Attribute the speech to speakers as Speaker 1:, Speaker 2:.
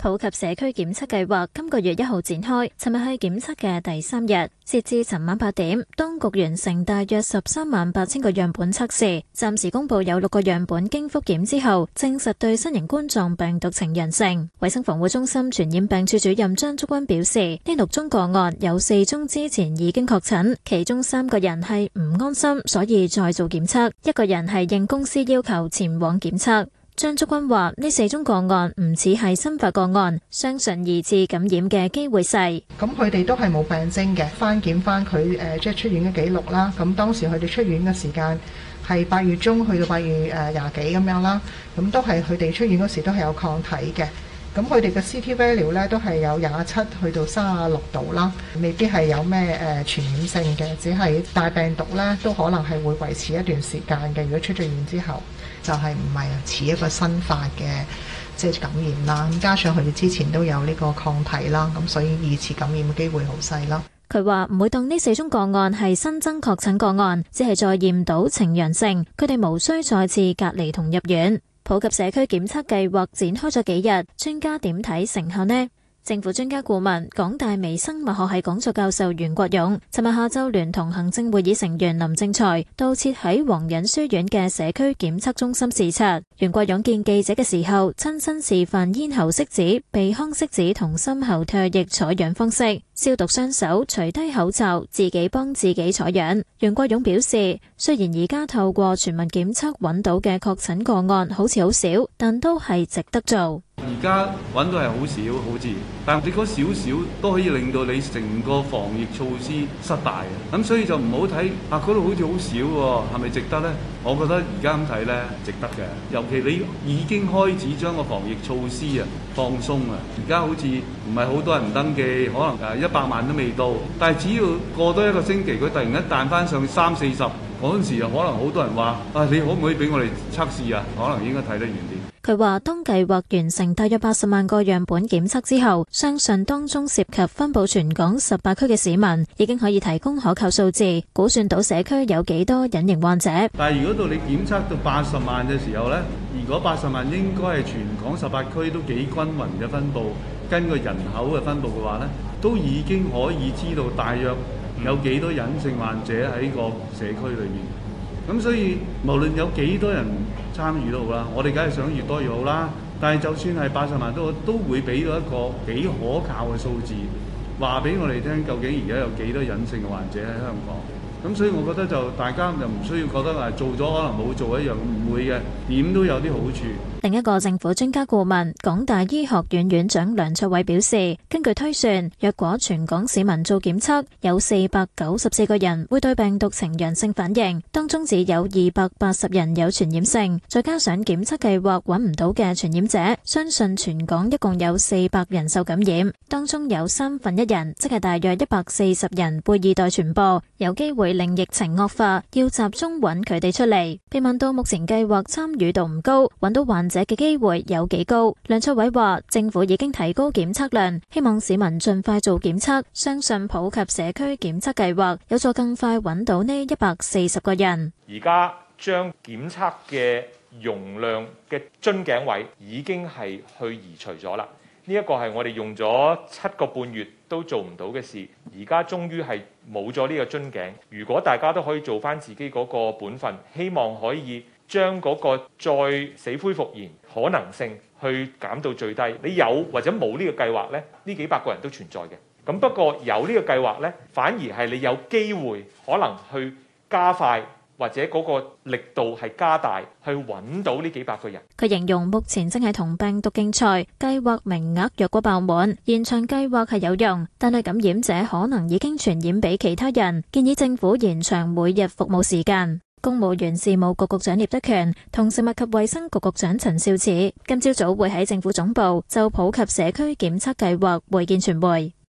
Speaker 1: 普及社區檢測計劃今個月一號展開，尋日係檢測嘅第三日，截至尋晚八點，當局完成大約十三萬八千個樣本測試，暫時公布有六個樣本經覆檢之後，證實對新型冠狀病毒呈陽性。衛生防護中心傳染病處主任張竹君表示，呢六宗個案有四宗之前已經確診，其中三個人係唔安心，所以再做檢測，一個人係應公司要求前往檢測。張竹君話：呢四宗個案唔似係新發個案，相信二次感染嘅機會細。咁佢哋都係冇病徵嘅。翻檢
Speaker 2: 翻佢誒，即係出院嘅記錄啦。咁當時佢哋出院嘅時間係八月中去到八月誒廿幾咁樣啦。咁都係佢哋出院嗰時都係有抗體嘅。咁佢哋嘅 CT value 咧，都係有廿七去到卅六度啦，未必係有咩誒傳染性嘅，只係大病毒咧，都可能係會維持一段時間嘅。如果出咗院之後就係唔係似一個新發嘅，即係感染啦。加上佢哋之前都有呢個抗體啦，咁所以二次感染嘅機會好細啦。
Speaker 1: 佢話唔會當呢四宗個案係新增確診個案，只係再驗到呈陽性，佢哋無需再次隔離同入院。普及社區檢測計劃展開咗幾日，專家點睇成效呢？政府專家顧問、港大微生物學系講座教授袁國勇，尋日下晝聯同行政會議成員林正財到設喺皇仁書院嘅社區檢測中心視察。袁國勇見記者嘅時候，親身示範咽喉拭子、鼻腔拭子同深喉唾液採樣方式，消毒雙手，除低口罩，自己幫自己採樣。袁國勇表示，雖然而家透過全民檢測揾到嘅確診個案好似好少，但都係值得做。
Speaker 3: 而家揾到係好少，好似，但係你嗰少少都可以令到你成個防疫措施失敗啊，咁所以就唔好睇啊！嗰度好似好少喎，係咪值得咧？我覺得而家咁睇咧，值得嘅。尤其你已經開始將個防疫措施啊放鬆啊，而家好似唔係好多人登記，可能誒一百萬都未到，但係只要過多一個星期，佢突然間彈翻上三四十，嗰陣時又可能好多人話啊，你可唔可以俾我哋測試啊？可能應該睇得遠啲。
Speaker 1: 佢話：當計劃完成大約八十萬個樣本檢測之後，相信當中涉及分布全港十八區嘅市民，已經可以提供可靠數字，估算到社區有幾多隱形患者。但
Speaker 3: 係如果到你檢測到八十萬嘅時候呢？如果八十萬應該係全港十八區都幾均匀嘅分布，根據人口嘅分布嘅話呢，都已經可以知道大約有幾多隱性患者喺個社區裏面。咁所以無論有幾多人參與都好啦，我哋梗係想越多越好啦。但係就算係八十萬都，都會俾到一個幾可靠嘅數字，話俾我哋聽究竟而家有幾多隱形嘅患者喺香港。咁所以我覺得就大家就唔需要覺得啊，做咗可能冇做一樣，唔會嘅，點都有啲好處。
Speaker 1: 另一個政府專家顧問、港大醫學院院長梁卓偉表示，根據推算，若果全港市民做檢測，有494個人會對病毒呈陽性反應，當中只有280人有傳染性，再加上檢測計劃揾唔到嘅傳染者，相信全港一共有400人受感染，當中有三分一人，即係大約140人被二代傳播，有機會，令疫情惡化，要集中揾佢哋出嚟。被問到目前計劃參與度唔高，揾到患者嘅機會有幾高？梁卓偉話，政府已經提高檢測量，希望市民盡快做檢測，相信普及社區檢測計劃有助更快揾到呢一百四十個人。
Speaker 4: 而家將檢測嘅容量嘅樽頸位已經係去移除咗啦。呢一個係我哋用咗七個半月都做唔到嘅事，而家終於係冇咗呢個樽頸。如果大家都可以做翻自己嗰個本分，希望可以將嗰個再死灰復燃可能性去減到最低。你有或者冇呢個計劃呢？呢幾百個人都存在嘅。咁不過有呢個計劃呢，反而係你有機會可能去加快。或者嗰個力度係加大，去揾到呢幾百個人。
Speaker 1: 佢形容目前正係同病毒競賽，計劃名額若果爆滿，延長計劃係有用，但係感染者可能已經傳染俾其他人。建議政府延長每日服務時間。公務員事務局局長聶德權同食物及衛生局局長陳肇始今朝早會喺政府總部就普及社區檢測計劃會見傳媒。